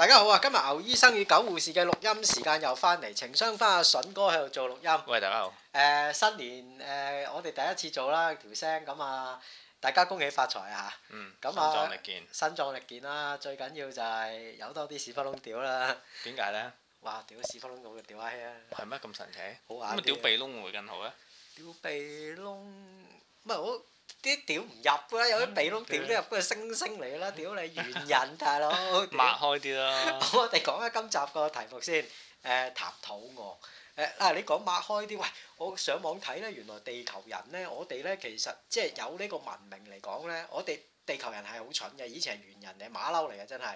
大家好啊！今日牛醫生與狗護士嘅錄音時間又翻嚟，情商翻阿笋哥喺度做錄音。喂，大家好。誒，新年誒，我哋第一次做啦，條聲咁啊，大家恭喜發財啊吓。嗯。咁啊，身壯力健。身壯力健啦，最緊要就係有多啲屎窟窿屌啦。點解咧？哇！屌屎窟窿咁嘅屌閪啊！係咩咁神奇？好啊。咁啊屌鼻窿會更好咧？屌鼻窿，唔係我。啲屌唔入噶啦，有啲鼻窿屌都入，嗰個猩猩嚟噶啦，屌你猿人大佬，擘 開啲啦！ 好，我哋講下今集個題目先，誒、呃、談肚餓，誒、呃、嗱你講擘開啲，喂我上網睇咧，原來地球人咧，我哋咧其實即係有呢個文明嚟講咧，我哋地球人係好蠢嘅，以前係猿人嚟，馬騮嚟嘅真係。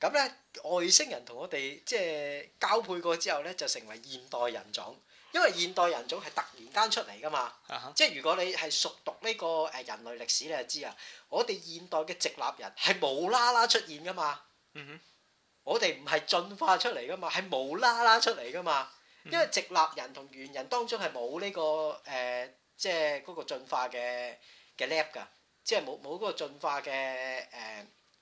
咁咧外星人同我哋即係交配過之後咧，就成為現代人種。因為現代人種係突然間出嚟噶嘛，即係如果你係熟讀呢個誒人類歷史，你就知啊，我哋現代嘅直立人係冇啦啦出現噶嘛，我哋唔係進化出嚟噶嘛，係冇啦啦出嚟噶嘛，因為直立人同猿人當中係冇呢個誒、呃就是，即係嗰個進化嘅嘅 lap 㗎，即係冇冇嗰個進化嘅誒，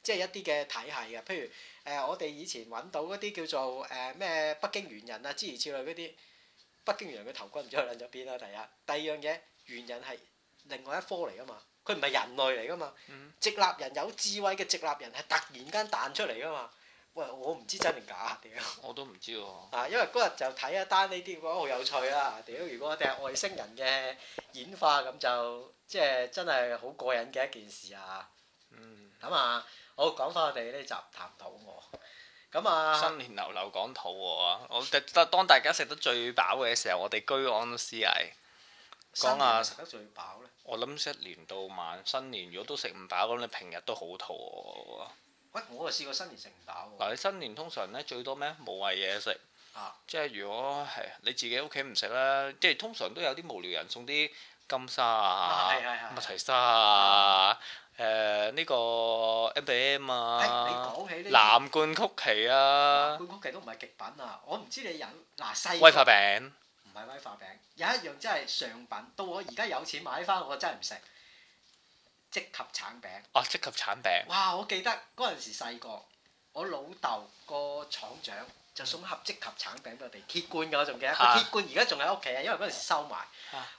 即、就、係、是、一啲嘅體系啊，譬如誒、呃、我哋以前揾到嗰啲叫做誒咩、呃、北京猿人啊，之如此類嗰啲。北京猿人嘅頭骨唔知去擰咗邊啦，第一；第二樣嘢，猿人係另外一科嚟噶嘛，佢唔係人類嚟噶嘛。嗯、直立人有智慧嘅直立人係突然間彈出嚟噶嘛。喂，我唔知真定假，屌！我都唔知喎、啊。啊，因為嗰日就睇一單呢啲，講好有趣啊，屌、嗯！如果我哋係外星人嘅演化，咁就即係、就是、真係好過癮嘅一件事啊。嗯。咁啊，好講返我哋呢集談肚餓。咁啊！新年流流講肚餓，我覺得當大家食得最飽嘅時候，我哋居安思危。講下新年食得最飽咧。我諗一年到晚，新年，如果都食唔飽，咁你平日都好肚餓。喂，我就試過新年食唔飽喎。嗱，你新年通常咧最多咩？無謂嘢食。啊。即係如果係你，你自己屋企唔食啦，即係通常都有啲無聊人送啲金沙啊、蜜提沙。的誒呢個 M B M 啊，你講起呢藍罐曲奇啊，藍罐曲奇都唔係極品啊！我唔知你有嗱細威化餅，唔係威化餅，有一樣真係上品，到我而家有錢買翻，我真係唔食。積及橙餅，哦，積及橙餅，哇！我記得嗰陣時細個，我老豆個廠長就送盒積及橙餅俾我哋鐵罐嘅，我仲記得個鐵罐，而家仲喺屋企啊，因為嗰陣時收埋。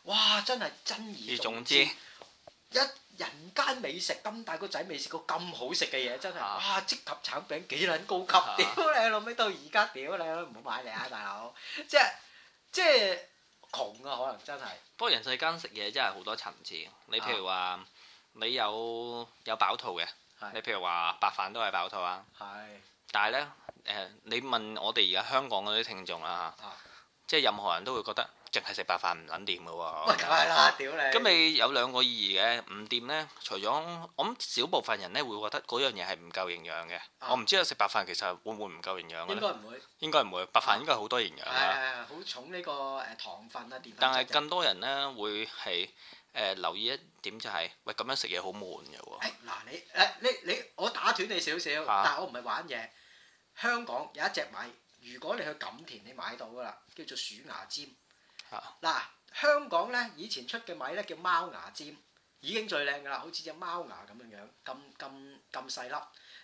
哇！真係珍而重之。一，人間美食，咁大個仔未食過咁好食嘅嘢，真係，是啊、哇！即及橙餅幾撚高級，屌你老味。是啊、到而家，屌你，唔好買你啊大佬。即係即係窮啊可能真係。不過人世間食嘢真係好多層次，你譬如話，你有有飽肚嘅，你譬如話白飯都係飽肚是啊。係。但係咧，誒，你問我哋而家香港嗰啲聽眾啊，即係任何人都會覺得。淨係食白飯唔撚掂嘅喎，喂咁係啦，屌你！咁你有兩個意義嘅唔掂咧，除咗我諗少部分人咧會覺得嗰樣嘢係唔夠營養嘅。我唔知啊，食白飯其實會唔會唔夠營養咧？應該唔會，應該唔會。白飯應該係好多營養啦。係係係，好重呢個誒糖分啊！但係更多人咧會係誒留意一點就係喂咁樣食嘢好悶嘅喎。嗱你誒你你我打斷你少少，但係我唔係玩嘢。香港有一隻米，如果你去錦田，你買到噶啦，叫做鼠牙尖。嗱、啊，香港咧以前出嘅米咧叫貓牙尖，已經最靚噶啦，好似隻貓牙咁樣樣，咁咁咁細粒。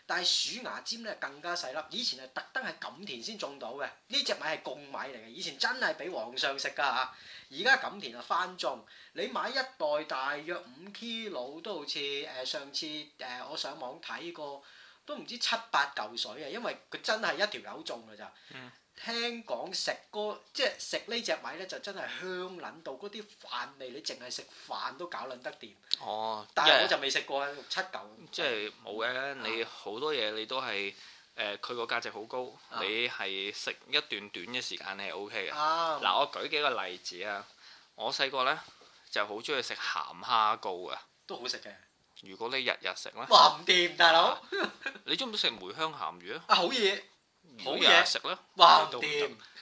但係鼠牙尖咧更加細粒，以前係特登係錦田先種到嘅。呢隻米係貢米嚟嘅，以前真係俾皇上食噶嚇。而家錦田啊翻種，你買一袋大約五 kilo 都好似誒、呃、上次誒、呃、我上網睇過，都唔知七八嚿水啊，因為佢真係一條友種噶咋。嗯聽講食嗰即係食呢隻米咧，就真係香撚到，嗰啲飯味你淨係食飯都搞撚得掂。哦，但係我就未食過啊，六七九。即係冇嘅，你好多嘢你都係誒，佢個價值好高，你係食一段短嘅時間你係 OK 嘅。嗱，我舉幾個例子啊，我細個咧就好中意食鹹蝦糕嘅，都好食嘅。如果你日日食咧，話唔掂，大佬。你中唔中食梅香鹹魚啊？啊，好嘢！好嘢食啦，哇！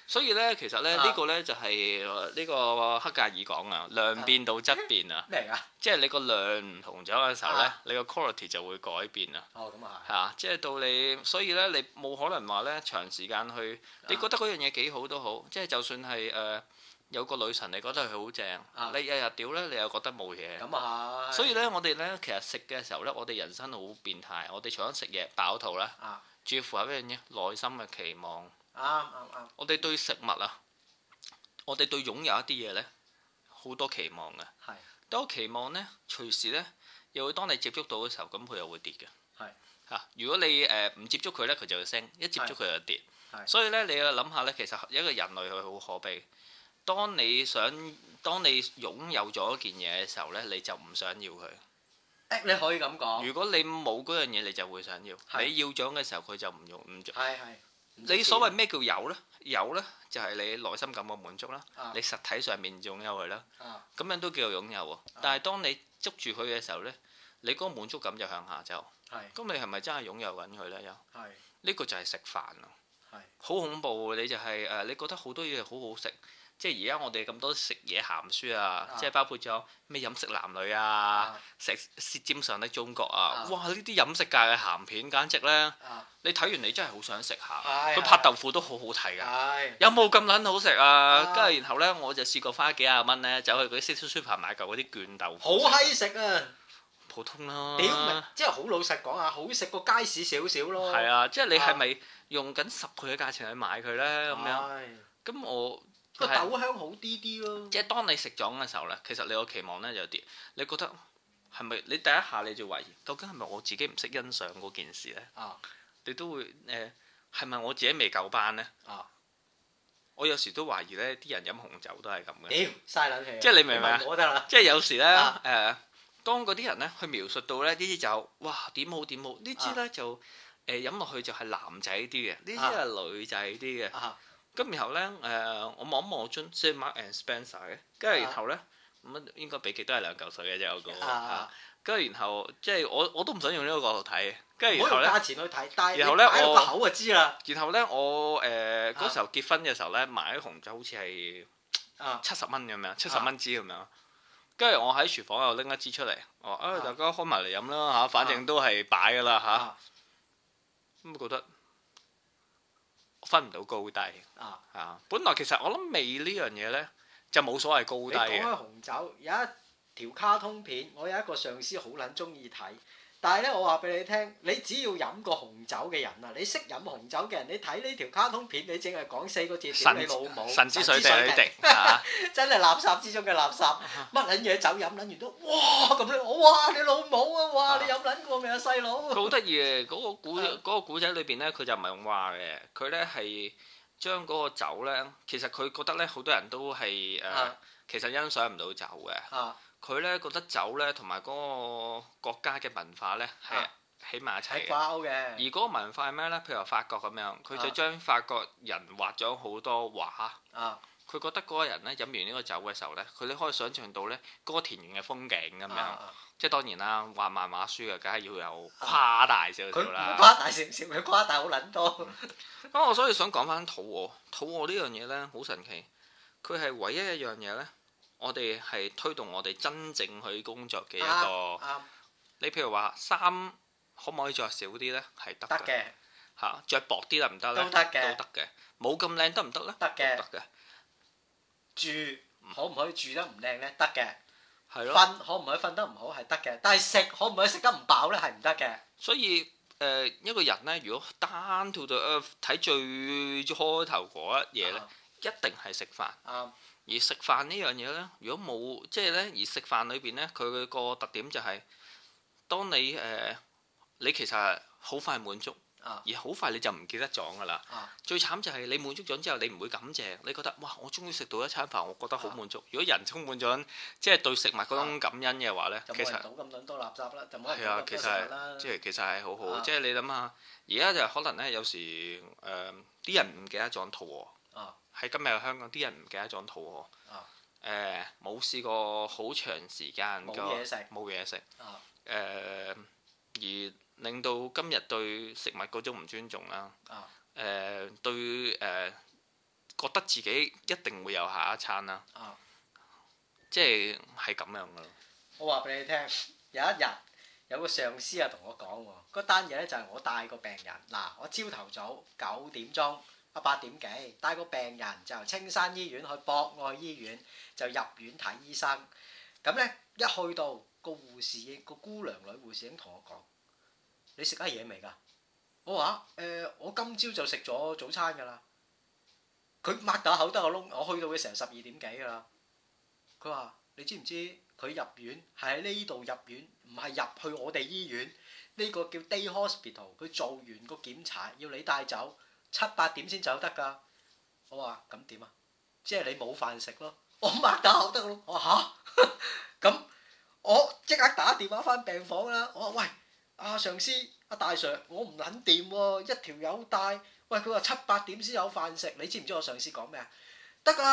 所以咧，其實咧， 個呢個咧就係、是、呢個黑格爾講啊，量變到質變啊。明啊！即係你個量唔同咗嘅時候咧， 你個 quality 就會改變啊。哦，咁啊係。嚇！即係到你，所以咧，你冇可能話咧長時間去。你覺得嗰樣嘢幾好都好，即係就算係誒。呃有個女神，你覺得佢好正，你日日屌咧，你又覺得冇嘢咁啊，所以咧，我哋咧其實食嘅時候咧，我哋人生好變態。我哋除咗食嘢飽肚咧，主要符合咩嘢呢？內心嘅期望啱啱啱。我哋對食物啊，我哋對擁有一啲嘢咧，好多期望嘅。係都期望咧，隨時咧又會當你接觸到嘅時候，咁佢又會跌嘅。係嚇，如果你誒唔接觸佢咧，佢就會升；一接觸佢就跌。所以咧，你要諗下咧，其實一個人類佢好可悲。當你想，當你擁有咗一件嘢嘅時候呢，你就唔想要佢。誒，你可以咁講。如果你冇嗰樣嘢，你就會想要。你要咗嘅時候，佢就唔用唔做。係係。你所謂咩叫有呢？有呢就係你內心感覺滿足啦。啊。你實體上面擁有佢啦。啊。咁樣都叫做擁有喎。啊。但係當你捉住佢嘅時候呢，你嗰個滿足感就向下走。係。咁你係咪真係擁有緊佢呢？又。係。呢個就係食飯咯。係。好恐怖！你就係誒，你覺得好多嘢好好食。即係而家我哋咁多食嘢鹹書啊，即係包括咗咩飲食男女啊，食舌尖上的中國啊，哇！呢啲飲食界嘅鹹片簡直咧，你睇完你真係好想食下。佢拍豆腐都好好睇噶，有冇咁撚好食啊？跟住然後咧，我就試過花幾廿蚊咧，走去嗰啲 City Super 買嚿嗰啲絹豆腐，好閪食啊！普通咯，屌明，即係好老實講啊，好食過街市少少咯。係啊，即係你係咪用緊十倍嘅價錢去買佢咧？咁樣，咁我。豆香好啲啲咯，即係當你食咗嘅時候呢，其實你個期望呢，有啲，你覺得係咪？你第一下你就懷疑，究竟係咪我自己唔識欣賞嗰件事呢？啊！你都會誒係咪我自己未夠班呢？啊！我有時都懷疑呢啲人飲紅酒都係咁嘅。屌，嘥撚氣！即係你明唔明？我得喇！即係有時呢，誒，當嗰啲人呢去描述到呢呢啲酒，哇點好點好，呢啲呢就誒飲落去就係男仔啲嘅，呢啲係女仔啲嘅。咁然後咧，誒我望一望樽，say Mark and Spencer 嘅，跟住然後咧，咁、啊、應該比極都係兩嚿水嘅啫，我估跟住然後即係我我都唔想用呢個角度睇，跟住然後咧，價錢去睇，然後咧我個口就知啦。然後咧我誒嗰、呃啊呃那個、時候結婚嘅時候咧買紅酒好似係七十蚊咁樣，七十蚊支咁樣。跟住我喺廚房又拎一支出嚟，我誒、啊啊、大家開埋嚟飲啦嚇，反正都係擺噶啦嚇。咁覺得。啊啊啊分唔到高低啊！啊，本來其實我諗味呢樣嘢咧，就冇所謂高低嘅。你講開紅酒，有一條卡通片，我有一個上司好撚中意睇。但係咧，我話俾你聽，你只要飲過紅酒嘅人啊，你識飲紅酒嘅人，你睇呢條卡通片，你淨係講四個字：屌神你老母！神之水定，水啊、真係垃圾之中嘅垃圾。乜撚嘢酒飲撚完都哇咁樣，哇你老母你弟弟、那個、啊！哇你飲撚過未啊細佬？好得意嘅嗰個古嗰個古仔裏邊咧，佢就唔係咁話嘅，佢咧係將嗰個酒咧，其實佢覺得咧好多人都係誒、啊，其實欣賞唔到酒嘅。啊佢咧覺得酒咧同埋嗰個國家嘅文化咧係、啊、起碼一齊，而嗰個文化係咩咧？譬如話法國咁樣，佢就將法國人畫咗好多畫。啊！佢覺得嗰個人咧飲完呢個酒嘅時候咧，佢哋可以想象到咧嗰個田園嘅風景咁樣。啊、即係當然啦，畫漫畫書嘅梗係要有誇大、啊、少少啦。誇大少少，咪誇大好撚多。咁 我所以想講翻肚餓，肚餓呢樣嘢咧好神奇，佢係唯一樣一樣嘢咧。我哋係推動我哋真正去工作嘅一個。啱。你譬如話，衫可唔可以着少啲呢？係得。嘅的。嚇，著薄啲得唔得咧？都得嘅。冇咁靚得唔得咧？得嘅。得嘅的。可住可唔可以住得唔靚呢？得嘅。係咯的。瞓可唔可以瞓得唔好？係得嘅，但係食可唔可以食得唔飽呢？係唔得嘅。所以誒、呃，一個人呢，如果單條隊睇最開頭嗰一嘢咧，嗯、一定係食飯。啱、嗯。而食飯呢樣嘢呢，如果冇即係呢，而食飯裏邊呢，佢個特點就係，當你誒，你其實好快滿足，而好快你就唔記得咗㗎啦。最慘就係你滿足咗之後，你唔會感謝，你覺得哇，我終於食到一餐飯，我覺得好滿足。如果人充滿咗即係對食物嗰種感恩嘅話咧，其實倒咁多垃圾啦，就冇乜嘢嘅人啦。即係其實係好好，即係你諗下，而家就可能呢，有時啲人唔記得咗肚餓。喺今日香港啲人唔記得咗肚餓，誒冇、呃、試過好長時間冇嘢食，冇嘢食，誒、呃、而令到今日對食物嗰種唔尊重啦，誒、啊呃、對誒、呃、覺得自己一定會有下一餐啦，啊、即係係咁樣噶咯。我話俾你聽，有一日有一個上司啊同我講喎，嗰單嘢咧就係我帶個病人嗱，我朝頭早九點鐘。啊，八點幾帶個病人就由青山醫院去博愛醫院就入院睇醫生咁咧。一去到個護士，個姑娘女護士已經同我講：你食咗嘢未㗎？我話誒，我今朝就食咗早餐㗎啦。佢擘大口得個窿，我去到嘅成十二點幾㗎啦。佢話：你知唔知佢入院係喺呢度入院，唔係入去我哋醫院。呢個叫 day hospital。佢做完個檢查要你帶走。七八點先走得噶，我話咁點啊？即係你冇飯食咯，我擘大口得咯，我話嚇咁，我即刻打電話翻病房啦。我話喂，阿上司阿大 Sir，我唔撚掂喎，一條友帶。喂佢話七八點先有飯食，你知唔知我上司講咩啊？得㗎，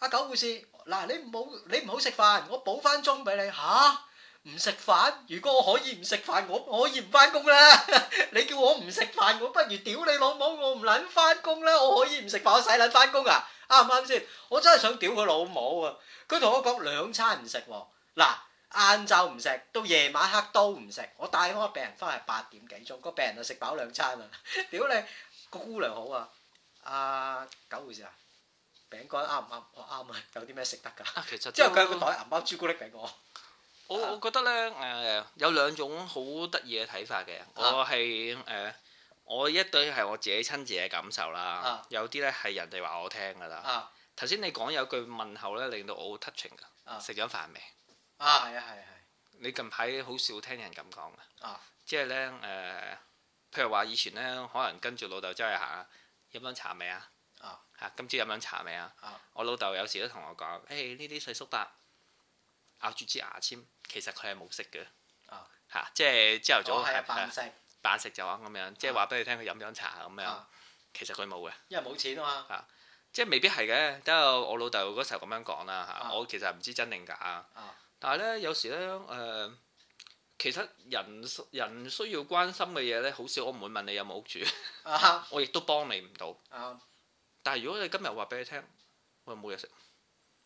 阿狗護士嗱，你唔好你唔好食飯，我補翻鐘俾你嚇。唔食飯？如果我可以唔食飯，我可以唔翻工啦。 你叫我唔食飯，我不如屌你老母，我唔捻翻工啦。我可以唔食飯，我使捻翻工啊？啱唔啱先？我真係想屌佢老母啊！佢同我講兩餐唔食喎，嗱，晏晝唔食，到夜晚黑都唔食。我帶開個病人翻去八點幾鐘，個病人就食飽兩餐啊！屌你個姑娘好啊！呃、回事啊，九護士啊，餅乾啱唔啱？我啱啊！有啲咩食得噶？之後佢有個袋銀、嗯、包朱古力俾我。我我覺得咧，誒、呃、有兩種好得意嘅睇法嘅。我係誒、呃，我一對係我自己親自嘅感受啦。啊、有啲咧係人哋話我聽㗎啦。頭先、啊、你講有句問候咧，令到我好 touching 㗎。食咗飯未？啊，係啊係啊係。你近排好少聽人咁講㗎。即係咧誒，譬如話以前咧，可能跟住老豆周圍行，飲兩茶未啊？啊，今朝飲兩茶未啊？我老豆有時都同我講，誒呢啲細叔伯。咬住支牙籤，其實佢係冇食嘅，嚇，即係朝頭早扮食扮食就咁樣，即係話俾你聽佢飲咗茶咁樣，其實佢冇嘅，因為冇錢啊嘛，嚇，即係未必係嘅，等我老豆嗰時候咁樣講啦嚇，我其實唔知真定假，但係咧有時咧誒，其實人人需要關心嘅嘢咧，好少，我唔會問你有冇屋住，我亦都幫你唔到，但係如果你今日話俾你聽，我冇嘢食。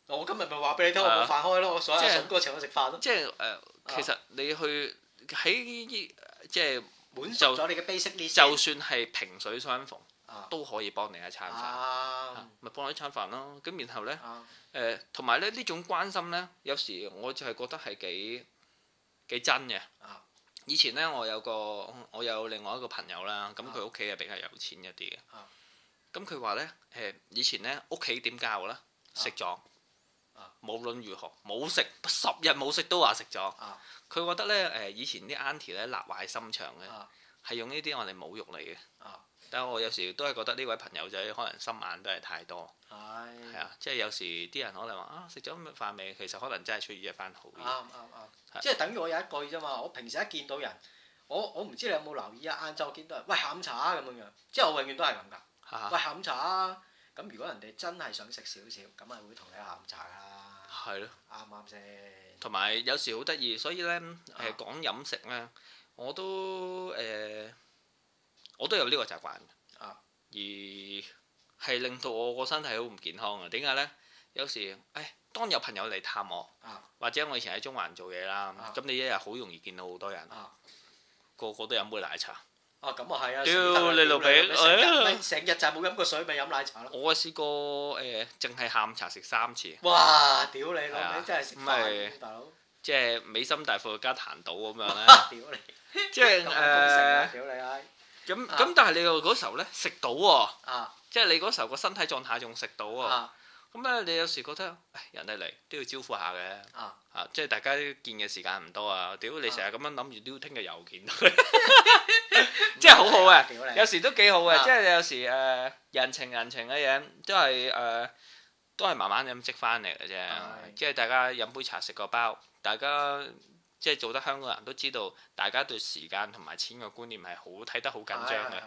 我今日咪話俾你聽，我冇飯開咯，我想以送歌請我食飯咯。即係誒，其實你去喺即係滿足咗你嘅 basic 就算係萍水相逢，都可以幫你一餐飯，咪幫你一餐飯咯。咁然後咧誒，同埋咧呢種關心咧，有時我就係覺得係幾幾真嘅。以前咧，我有個我有另外一個朋友啦，咁佢屋企係比較有錢一啲嘅。咁佢話咧誒，以前咧屋企點教咧食咗。無論如何，冇食十日冇食都話食咗，佢、啊、覺得咧誒以前啲 auntie 咧辣壞心腸嘅，係、啊、用呢啲我哋侮辱嚟嘅。啊、但係我有時都係覺得呢位朋友仔可能心眼都係太多，係、哎、啊，即係有時啲人可能話啊食咗咁飯未，其實可能真係出於一番好啱啱啱，即係等於我有一句啫嘛。我平時一見到人，我我唔知你有冇留意啊，晏晝見到人，喂下午茶啊，咁樣，即係我永遠都係咁㗎，喂下午茶啊。咁如果人哋真係想食少少，咁係會同你下午茶啦，係咯的，啱啱先。同埋有時好得意，所以呢，誒講飲食呢，我都誒、呃，我都有呢個習慣。啊、uh，huh. 而係令到我個身體好唔健康啊？點解呢？有時誒、哎，當有朋友嚟探我，uh huh. 或者我以前喺中環做嘢啦，咁、uh huh. 你一日好容易見到好多人，uh huh. 個個都飲杯奶茶。哦，咁啊係啊！屌你老味，誒，成日就係冇飲過水，咪飲奶茶咯。我試過誒，淨係下午茶食三次。哇！屌你老味，真係食唔晒，大佬。即係美心大富家彈到咁樣咧。屌你！即係誒。屌你閪！咁咁，但係你個嗰時候咧食到喎。啊。即係你嗰時候個身體狀態仲食到喎。咁咧，你有時覺得唉人哋嚟都要招呼下嘅啊，啊，即係大家見嘅時間唔多啊。屌，你成日咁樣諗住，屌聽日又見，真係好好啊！有時都幾好嘅，啊、即係有時誒、呃、人情人情嘅嘢都係誒、呃、都係慢慢咁積翻嚟嘅啫。是的 即係大家飲杯茶食個包，大家即係做得香港人都知道，大家對時間同埋錢嘅觀念係好睇得好緊張嘅，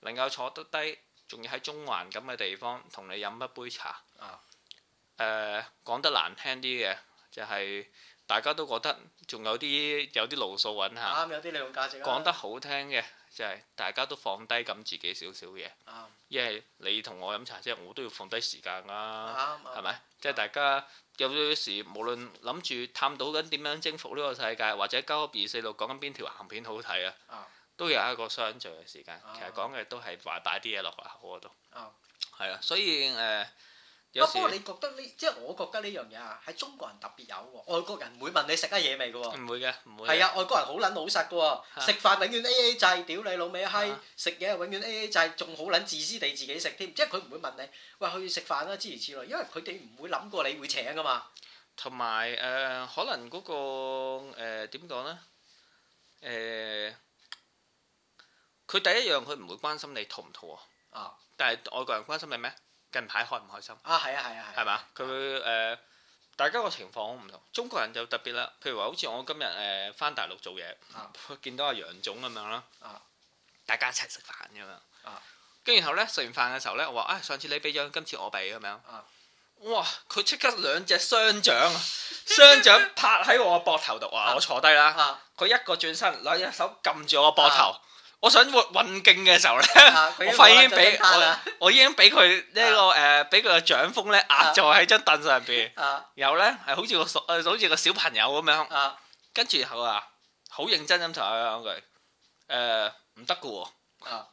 能夠坐得低，仲要喺中環咁嘅地方同你飲一杯茶。啊！誒、嗯，講得難聽啲嘅就係、是、大家都覺得仲有啲有啲路數揾下啱，有啲、嗯、利用價值、啊。講得好聽嘅就係、是、大家都放低咁自己少少嘢，啱、嗯。一係你同我飲茶啫，就是、我都要放低時間啦、啊，啱、嗯，係、嗯、咪？即係、就是、大家有時無論諗住探到緊點樣征服呢個世界，或者交二四六講緊邊條鹹片好睇啊，嗯、都有一個相聚嘅時間。嗯、其實講嘅都係話擺啲嘢落口嗰度，啊、嗯，係啊，所以誒。不過你覺得呢？即係我覺得呢樣嘢啊，喺中國人特別有喎，外國人唔會問你食啊嘢未㗎喎。唔會嘅，唔會。係啊，外國人好捻老實㗎喎，食飯永遠 A A 制，屌你老味閪，食嘢又永遠 A A 制，仲好捻自私地自己食添，即係佢唔會問你，喂去食飯啦，諸如此類，因為佢哋唔會諗過你會請噶嘛。同埋誒，可能嗰個誒點講咧？誒，佢第一樣佢唔會關心你肚唔肚啊？啊！但係外國人關心你咩？近排開唔開心？啊係啊係啊係。係嘛，佢誒，大家個情況好唔同。中國人就特別啦，譬如話好似我今日誒翻大陸做嘢，見到阿楊總咁樣啦，大家一齊食飯咁樣，跟然後咧食完飯嘅時候咧，我話啊上次你俾咗，今次我俾咁樣，哇！佢即刻兩隻雙掌，雙掌拍喺我個膊頭度，啊。我坐低啦，佢一個轉身，兩隻手撳住我個膊頭。我想運勁嘅時候咧，啊、 我已經俾、啊、我已經俾佢呢個誒，俾佢嘅掌風咧壓在喺張凳上邊，啊、然後咧係好似個小好似個小朋友咁樣，啊、跟住好啊，好認真咁同佢講句誒唔得㗎喎，啊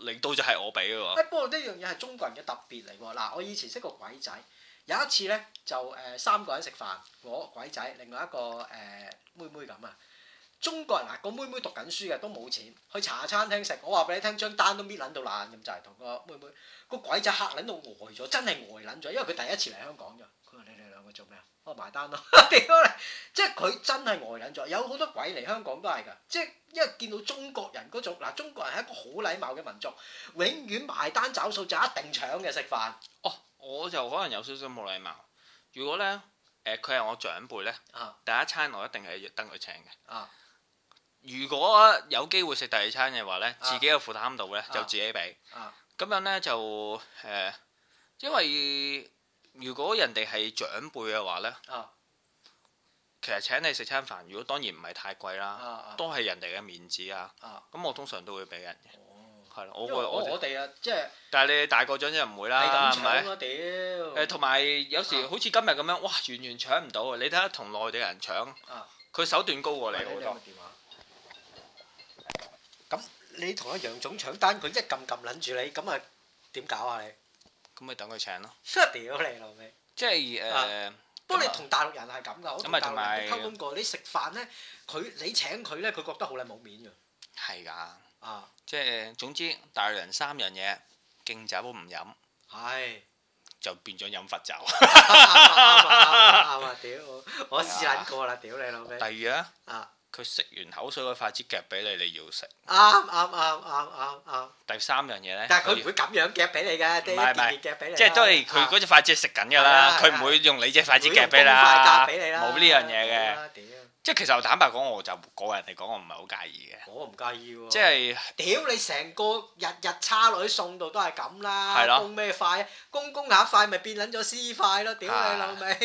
令到、啊啊啊、就係我俾㗎喎。不過呢樣嘢係中國人嘅特別嚟喎。嗱、啊，我以前識個鬼仔，有一次咧就誒、呃、三個人食飯，我鬼仔，另外一個誒、呃呃、妹妹咁啊。中國人嗱、個妹妹讀緊書嘅都冇錢去茶餐廳食，我話俾你聽張單都搣撚到爛咁就係、是、同個妹妹個鬼仔嚇撚到呆咗，真係呆撚咗，因為佢第一次嚟香港啫。佢話：你哋兩個做咩啊？我埋單咯，屌 你！即係佢真係呆撚咗，有好多鬼嚟香港都係㗎，即係因為見到中國人嗰種嗱，中國人係一個好禮貌嘅民族，永遠埋單找數就一定搶嘅食飯。哦，我就可能有少少冇禮貌。如果咧誒，佢、呃、係我長輩咧，啊、第一餐我一定係要登佢請嘅。啊。如果有機會食第二餐嘅話呢，自己嘅負擔度呢就自己俾。咁樣呢，就誒，因為如果人哋係長輩嘅話呢，其實請你食餐飯，如果當然唔係太貴啦，都係人哋嘅面子啊。咁我通常都會俾人嘅，係咯。我我我哋啊，即係，但係你大個長就唔會啦，係咪？屌！誒，同埋有時好似今日咁樣，哇，完全搶唔到啊！你睇下同內地人搶，佢手段高過你好多。咁你同阿楊總搶單，佢一撳撳撚住你，咁啊點搞啊你？咁咪等佢請咯。屌你老味！即係誒，不過你同大陸人係咁噶，我同大陸人溝通過，你食飯咧，佢你請佢咧，佢覺得好撚冇面㗎。係㗎。啊！即係總之，大陸人三樣嘢，敬酒都唔飲，係就變咗飲罰酒。屌我，我試撚過啦！屌你老味。第二樣啊！佢食完口水個筷子夾俾你，你要食。啱啱啱啱啱啱。第三樣嘢咧。但係佢唔會咁樣夾俾你㗎，即係夾俾你。即係都係佢嗰隻筷子係食緊㗎啦，佢唔會用你隻筷子夾俾啦。冇呢樣嘢嘅。即係其實坦白講，我就個人嚟講，我唔係好介意嘅。我唔介意喎。即係。屌你成個日日叉落啲餸度都係咁啦，公咩筷？公公牙筷咪變撚咗私筷咯，屌你老味！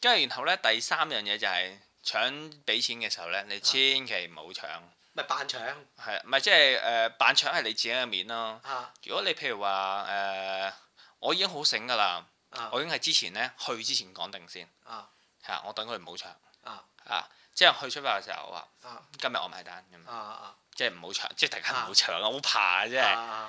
跟住然後咧，第三樣嘢就係。搶俾錢嘅時候呢，你千祈唔好搶。咪扮搶。係咪即係誒扮搶係你自己嘅面咯。如果你譬如話誒，我已經好醒㗎啦，我已經係之前呢，去之前講定先。啊！係啊，我等佢唔好搶。啊啊！即係去出發嘅時候話，今日我埋單。啊啊即係唔好搶，即係大家唔好搶啊！好怕啊！真係。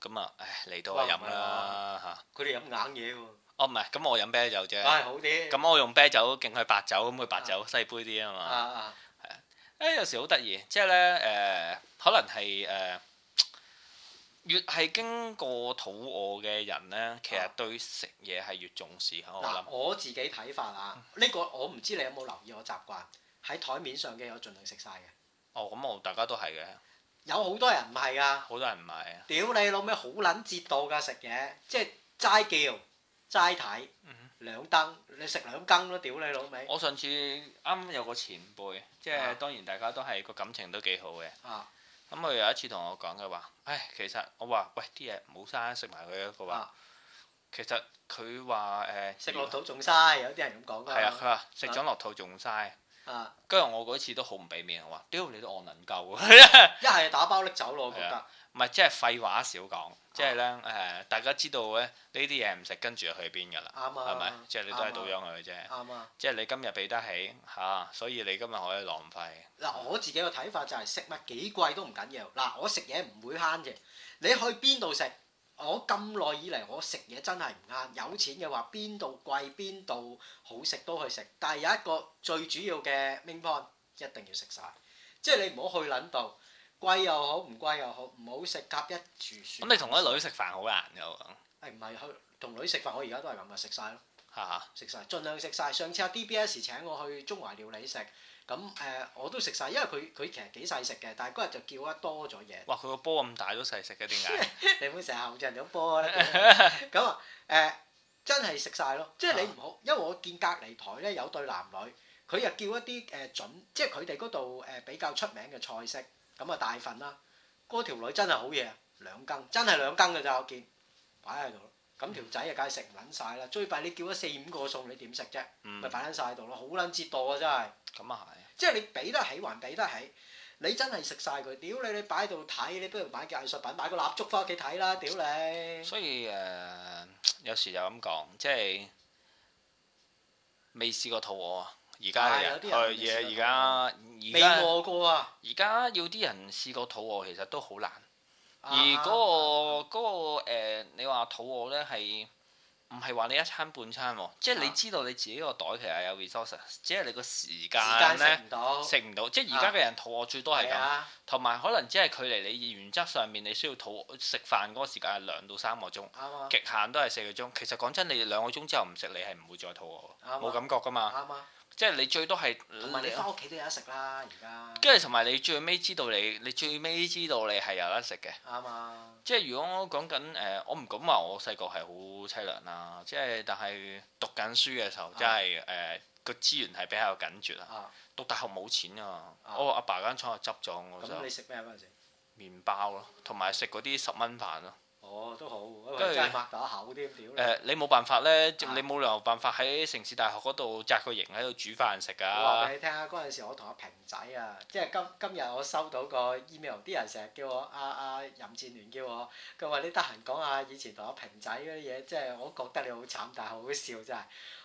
咁、哦、啊，唉嚟到就飲啦嚇！佢哋飲硬嘢喎。哦，唔係，咁我飲啤酒啫。梗係好啲。咁我用啤酒敬佢白酒，咁佢白酒、啊、細杯啲啊嘛。啊啊，係啊！哎，有時好得意，即係咧誒，可能係誒、呃，越係經過肚餓嘅人咧，其實對食嘢係越重視。嗱、啊想，我自己睇法啊，呢、呢個我唔知你有冇留意。我習慣喺台面上嘅，我盡量食晒嘅。哦，咁我大家都係嘅。有好多人唔係噶，好多人唔係啊！屌你老味，好撚折墮噶食嘢，即係齋叫齋睇兩燈，你食兩羹咯！屌你老味！我上次啱有個前輩，即係當然大家都係個感情都幾好嘅。咁佢有一次同我講，佢話：唉，其實我話喂，啲嘢唔好嘥，食埋佢一個話。其實佢話誒食落肚仲嘥，有啲人咁講㗎。係啊，佢話食咗落肚仲嘥。啊！跟住我嗰次都好唔俾面，我話屌你都戇鳩，一 係打包拎走咯。啊、我覺得唔係，即係廢話少講，啊、即係咧誒，大家知道咧呢啲嘢唔食，跟住去邊噶啦？係咪、啊？吧即係你都係倒央去啫。啱啊！即係你今日俾得起嚇、啊，所以你今日可以浪費。嗱、啊，我自己嘅睇法就係食物幾貴都唔緊要。嗱、啊，我食嘢唔會慳嘅，你去邊度食？我咁耐以嚟，我食嘢真係唔啱。有錢嘅話，邊度貴邊度好食都去食。但係有一個最主要嘅 main point，一定要食晒、啊。即係你唔好去撚度貴又好，唔貴又好，唔好食夾一住。咁你同我女食飯好難噶喎。誒唔係去同女食飯，我而家都係咁噶，食晒咯。嚇！食晒，儘量食晒。上次阿 DBS 請我去中華料理食。咁誒、呃，我都食晒，因為佢佢其實幾細食嘅，但係嗰日就叫得多咗嘢。哇！佢個波咁大都細食嘅，點解？ 你唔會成日五隻兩波咧？咁啊誒，真係食晒咯，即係你唔好，因為我見隔離台咧有對男女，佢又叫一啲誒、呃、準，即係佢哋嗰度誒比較出名嘅菜式，咁啊大份啦。嗰、那、條、個、女真係好嘢，兩羹真係兩羹嘅咋我見，擺喺度。咁條、嗯、仔啊，梗係食唔撚晒啦！最弊你叫咗四五個餸，你點食啫？咪擺喺晒度咯，好撚折墮啊！真係。咁啊係。即係你俾得起還俾得起，你真係食晒佢。屌你你擺喺度睇，你不如買件藝術品，買個蠟燭翻屋企睇啦！屌你。所以誒、呃，有時就咁講，即係未試過肚餓啊！而家嘅人是，嘢而家未餓過啊！而家要啲人試過肚餓，其實都好難。而嗰、嗰個嗰、啊嗰個呃、你話肚餓咧係唔係話你一餐半餐？即係你知道你自己個袋其實有 resource，只係你個時間咧食唔到，食唔到，即係而家嘅人肚餓最多係咁，同埋、啊、可能只係距離你原則上面你需要肚餓食飯嗰個時間係兩到三個鐘，啊、極限都係四個鐘。其實講真，你兩個鐘之後唔食，你係唔會再肚餓，冇、啊、感覺噶嘛。啊啊即係你最多係，同埋你翻屋企都有得食啦，而家。跟住同埋你最尾知道你，你最尾知道你係有得食嘅。啱啊，呃、啊！即係如果我講緊誒，我唔敢話我細個係好凄涼啦。即係但係讀緊書嘅時候、啊、真係誒個資源係比較緊絀啊。啊讀大學冇錢啊，啊我阿爸間廠又執咗，我、啊。咁你食咩嗰陣時？麵包咯，同埋食嗰啲十蚊飯咯。哦，都好，跟住擘大口添屌！誒、嗯，你冇辦法咧，是的 你冇理由辦法喺城市大學嗰度紮個營喺度煮飯食噶。我話俾你聽啊，嗰陣時我同阿平仔啊，即係今今日我收到個 email，啲人成日叫我阿阿任志聯叫我，佢、啊、話、啊、你得閒講下以前同阿平仔嗰啲嘢，即係我覺得你好慘，但係好好笑真係。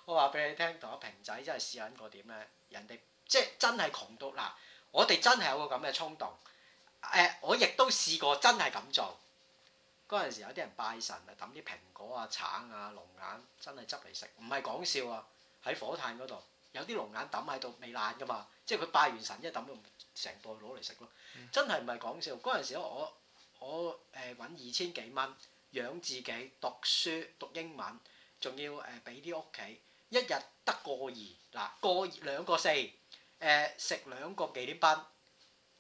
我話俾你聽，同阿平仔真係試緊個點咧，人哋即係真係窮到嗱，我哋真係有個咁嘅衝動。誒、呃，我亦都試過真係咁做。嗰陣時有啲人拜神啊，抌啲蘋果啊、橙啊、龍眼，真係執嚟食，唔係講笑啊！喺火炭嗰度有啲龍眼抌喺度未爛㗎嘛，即係佢拜完神一抌咁，成個攞嚟食咯，嗯、真係唔係講笑。嗰陣時我我誒揾、呃、二千幾蚊養自己讀書讀英文，仲要誒俾啲屋企一日得個二嗱個二兩個四誒食兩個忌廉餅，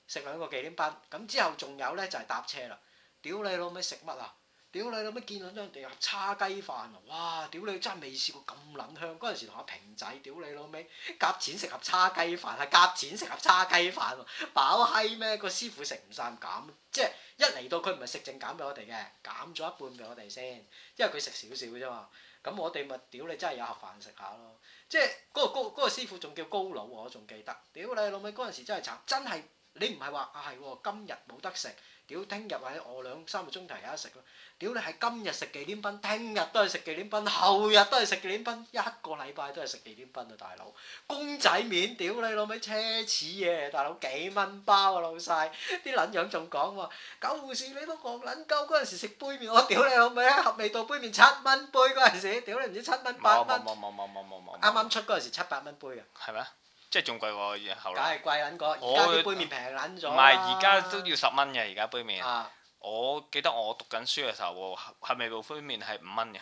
食兩個忌廉餅，咁之後仲有咧就係、是、搭車啦。屌你老味食乜啊！屌你老味見到張地盒叉雞飯啊！哇！屌你真係未試過咁撚香。嗰陣時同阿平仔，屌你老味夾錢食盒叉雞飯啊！夾錢食盒叉雞飯喎，飽閪咩？個師傅食唔散咁，即係一嚟到佢唔係食剩減俾我哋嘅，減咗一半俾我哋先，因為佢食少少啫嘛。咁我哋咪屌你真係有盒飯食下咯，即係嗰、嗰個高嗰、嗰個嗰個師傅仲叫高佬，我仲記得。屌你老味嗰陣時真係慘，真係你唔係話啊係今日冇得食。屌，聽日或者餓兩三個鐘頭有得食咯。屌你係今日食紀念品，聽日都係食紀念品，後日都係食紀念品，一個禮拜都係食紀念品啊，大佬！公仔麵，屌你老味奢侈嘢，大佬幾蚊包啊老細，啲撚樣仲講喎，狗護士你都講撚鳩嗰陣時食杯麪，我屌你老味一合味道杯麪七蚊杯嗰陣時，屌你唔知七蚊八蚊，啱啱出嗰陣時七百蚊杯啊，係咪啊？即係仲貴喎，而後嚟。梗係貴撚過，而家啲杯麪平撚咗。唔係，而家都要十蚊嘅，而家杯麪。我記得我讀緊書嘅時候喎，係咪杯麪係五蚊嘅？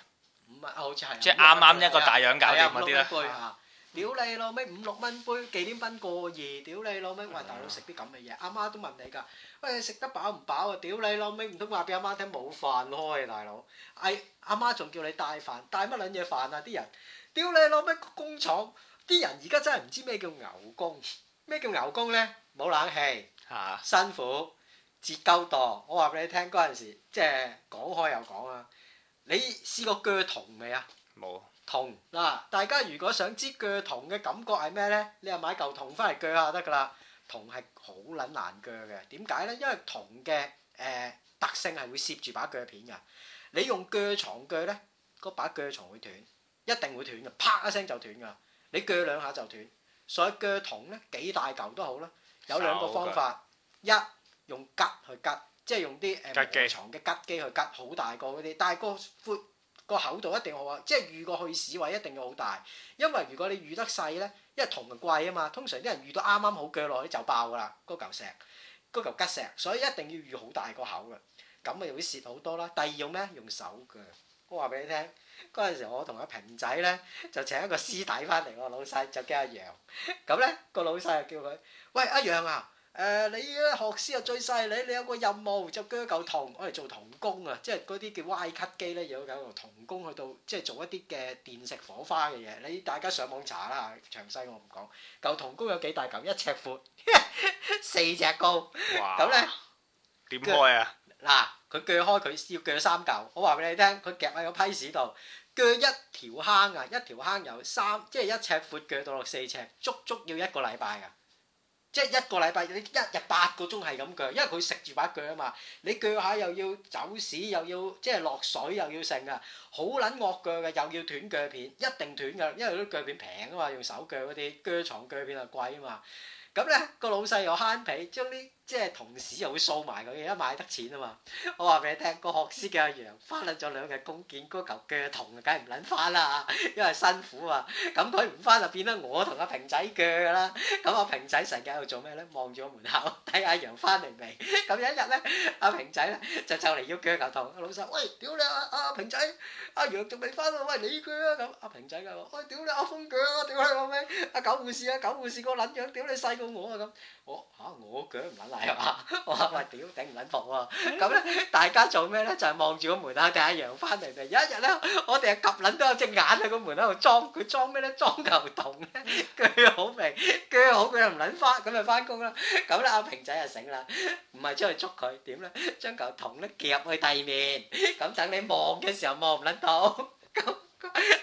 五蚊，好似係。即係啱啱一個大洋搞掂嗰啲咧。屌你老味五六蚊杯紀念品過夜，屌你老味！喂大佬食啲咁嘅嘢，阿媽都問你㗎。喂，食得飽唔飽啊？屌你老味，唔通話俾阿媽聽冇飯開啊，大佬？嗌阿媽仲叫你帶飯，帶乜撚嘢飯啊？啲人，屌你老味個工廠。啲人而家真係唔知咩叫牛工，咩叫牛工咧？冇冷氣，啊、辛苦，折舊多。我話俾你聽嗰陣時，即係講開又講啊！你試過鋸銅未啊？冇銅嗱，大家如果想知鋸銅嘅感覺係咩咧？你又買嚿銅翻嚟鋸下就得㗎啦。銅係好撚難鋸嘅，點解咧？因為銅嘅誒特性係會攝住把鋸片㗎。你用鋸床鋸咧，嗰把鋸床會斷，一定會斷嘅，啪一聲就斷㗎。你鋸兩下就斷，所以鋸銅咧幾大嚿都好啦。有兩個方法，鞋一用吉去吉，即係用啲誒磨牀嘅吉機去吉，好大個嗰啲。但係個闊個口度一定要好大，即係遇過去時位一定要好大，因為如果你遇得細咧，因為銅就貴啊嘛。通常啲人遇到啱啱好鋸落去就爆㗎啦，嗰嚿石嗰嚿吉石，所以一定要遇好大個口㗎。咁啊會蝕好多啦。第二用咩？用手鋸，我話俾你聽。嗰陣時，我同阿平仔咧就請一個師弟翻嚟，我老細就叫阿楊。咁咧個老細就叫佢：喂，阿楊啊，誒你咧學師又最細你，你有個任務就鋸嚿銅，我哋做銅工啊！即係嗰啲叫 Y 級機咧，要搞個銅工去到即係做一啲嘅電石火花嘅嘢。你大家上網查啦，詳細我唔講。嚿銅工有幾大嚿？一尺闊，四隻高。咁咧點開啊？嗱，佢鋸開佢要鋸三嚿，我話俾你聽，佢夾喺個批屎度，鋸一條坑啊，一條坑由三即係一尺闊鋸到落四尺，足足要一個禮拜噶，即係一個禮拜你一日八個鐘係咁鋸，因為佢食住把鋸啊嘛，你鋸下又要走屎又要即係落水又要剩噶，好撚惡鋸嘅，又要斷鋸片，一定斷噶，因為啲鋸片平啊嘛，用手鋸嗰啲鋸床鋸片啊貴啊嘛，咁咧個老細又慳皮，將啲。即係同事又會掃埋佢，一賣得錢啊嘛！我話俾你聽，個學師嘅阿楊翻甩咗兩日工，見嗰嚿鋸糖梗係唔撚翻啦，因為辛苦啊！咁佢唔翻就變咗我同阿平仔鋸啦。咁阿平仔成日喺度做咩咧？望住我門口睇阿楊翻嚟未？咁有一日咧，阿平仔咧就就嚟要鋸嚿糖。老實喂，屌你阿阿平仔，阿楊仲未翻啊？喂，你鋸啊咁。阿平仔就話，喂，屌你阿鋒鋸啊！屌你老味，阿狗護士啊，狗護士個撚樣，屌你細過我啊！咁我嚇我鋸唔撚啊！係嘛？我話屌頂唔撚服喎！咁咧，大家做咩咧？就係望住個門口，等阿陽翻嚟。有一日咧，我哋阿夾撚都有隻眼喺個門口度裝，佢裝咩咧？裝嚿銅咧，佢好明，佢好佢又唔撚翻，咁咪翻工啦。咁咧，阿平仔就醒啦，唔係出去捉佢點咧？將嚿銅咧夾去地面，咁等你望嘅時候望唔撚到。咁。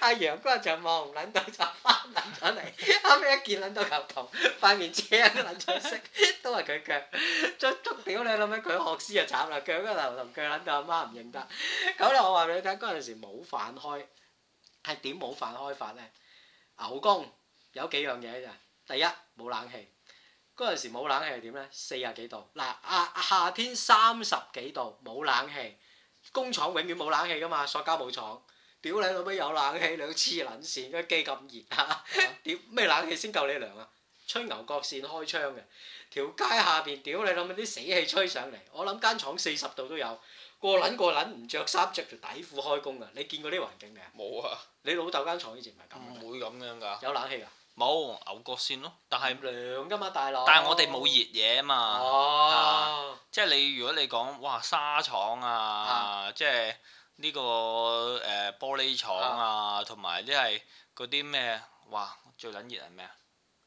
阿陽哥就望唔撚到，就翻返上嚟。後尾一見撚到嚿糖，塊面青撚出色，都係佢腳。足足屌你諗咩？佢學師就慘啦，腳跟流同腳撚到阿媽唔認得。咁咧，我話俾你聽，嗰陣時冇飯開，係點冇飯開法咧？牛工有幾樣嘢啫。第一冇冷氣，嗰陣時冇冷氣係點咧？四十幾度嗱，夏夏天三十幾度冇冷氣，工廠永遠冇冷氣噶嘛，塑膠帽廠。屌你老味有冷氣，你黐撚線，個機咁熱啊！屌咩冷氣先夠你涼啊？吹牛角扇開窗嘅，條街下邊屌你老味啲死氣吹上嚟，我諗間廠四十度都有，個撚個撚唔着衫着條底褲開工噶，你見過呢環境未啊？冇啊！你老豆間廠以前唔係咁。唔會咁樣噶。有冷氣噶。冇牛角扇咯，但係涼噶嘛，大佬。但係我哋冇熱嘢啊嘛。哦。即係你如果你講哇沙廠啊，即係。呢、這個誒、呃、玻璃廠啊，同埋啲係嗰啲咩啊？哇！最撚熱係咩啊？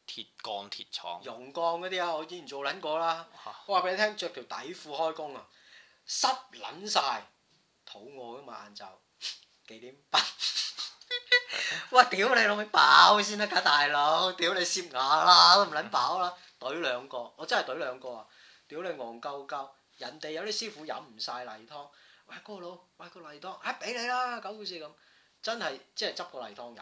鐵鋼鐵廠。熔鋼嗰啲啊，我之前做撚過啦。我話俾你聽，着條底褲開工啊，濕撚晒，肚餓嘅晏晝幾點？ 哇！屌你老味飽先得、啊、㗎，大佬！屌你蝕牙啦，唔撚飽啦，懟、嗯、兩個，我真係懟兩個啊！屌你憨鳩鳩，人哋有啲師傅飲唔晒例湯。阿佬買個例湯，啊俾你啦，九個字咁，真係即係執個例湯飲。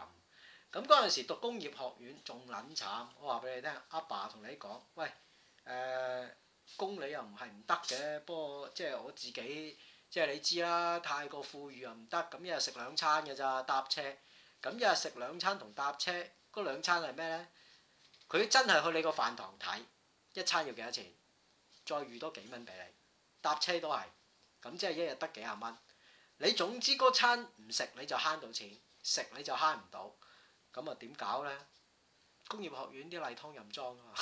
咁嗰陣時讀工業學院仲撚慘，我話俾你聽，阿爸同你講，喂，誒供你又唔係唔得嘅，不過即係我自己，即係你知啦，太過富裕又唔得，咁一日食兩餐嘅咋，搭車，咁一日食兩餐同搭車，嗰兩餐係咩咧？佢真係去你個飯堂睇，一餐要幾多錢？再預多幾蚊俾你，搭車都係。咁即係一日得幾廿蚊，你總之嗰餐唔食你就慳到錢，食你就慳唔到，咁啊點搞咧？工業學院啲例湯任裝啊嘛，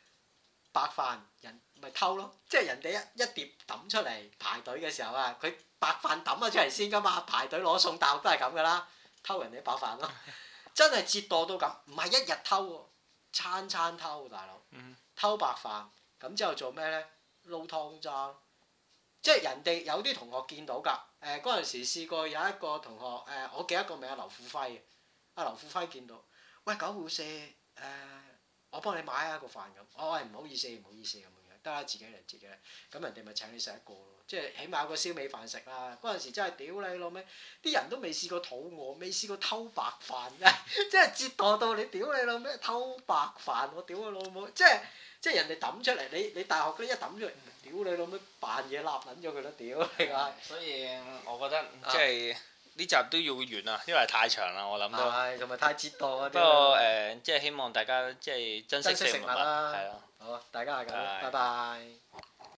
白飯人咪偷咯，即係人哋一一碟抌出嚟排隊嘅時候啊，佢白飯抌咗出嚟先噶嘛，排隊攞餸大學都係咁噶啦，偷人哋白飯咯，真係折墮到咁，唔係一日偷喎，餐餐偷大佬，偷白飯，咁之後做咩咧？撈湯裝。即係人哋有啲同學見到㗎，誒嗰陣時試過有一個同學誒、呃、我記得一個名啊，劉富輝嘅，阿劉富輝見到，喂，九號社，誒、呃、我幫你買啊個飯咁。哦係、哎、唔好意思唔好意思咁樣樣得啦自己嚟接嘅，咁人哋咪請你食一個咯。即係起碼有個燒味飯食啦。嗰陣時真係屌你老味，啲人都未試過肚餓，未試過偷白飯啊！即係折墮到你屌你老咩！偷白飯我屌你老母！即係即係人哋抌出嚟，你你大學嗰啲一抌出嚟，屌你老咩！扮嘢立撚咗佢都屌你、嗯、吧所以我覺得即係呢集都要完啊，因為太長啦，我諗到。同埋、哎、太折墮啲。 不過誒、呃，即係希望大家即係珍，珍惜食物啦食物、啊。係咯，好，大家係咁，拜拜。拜拜。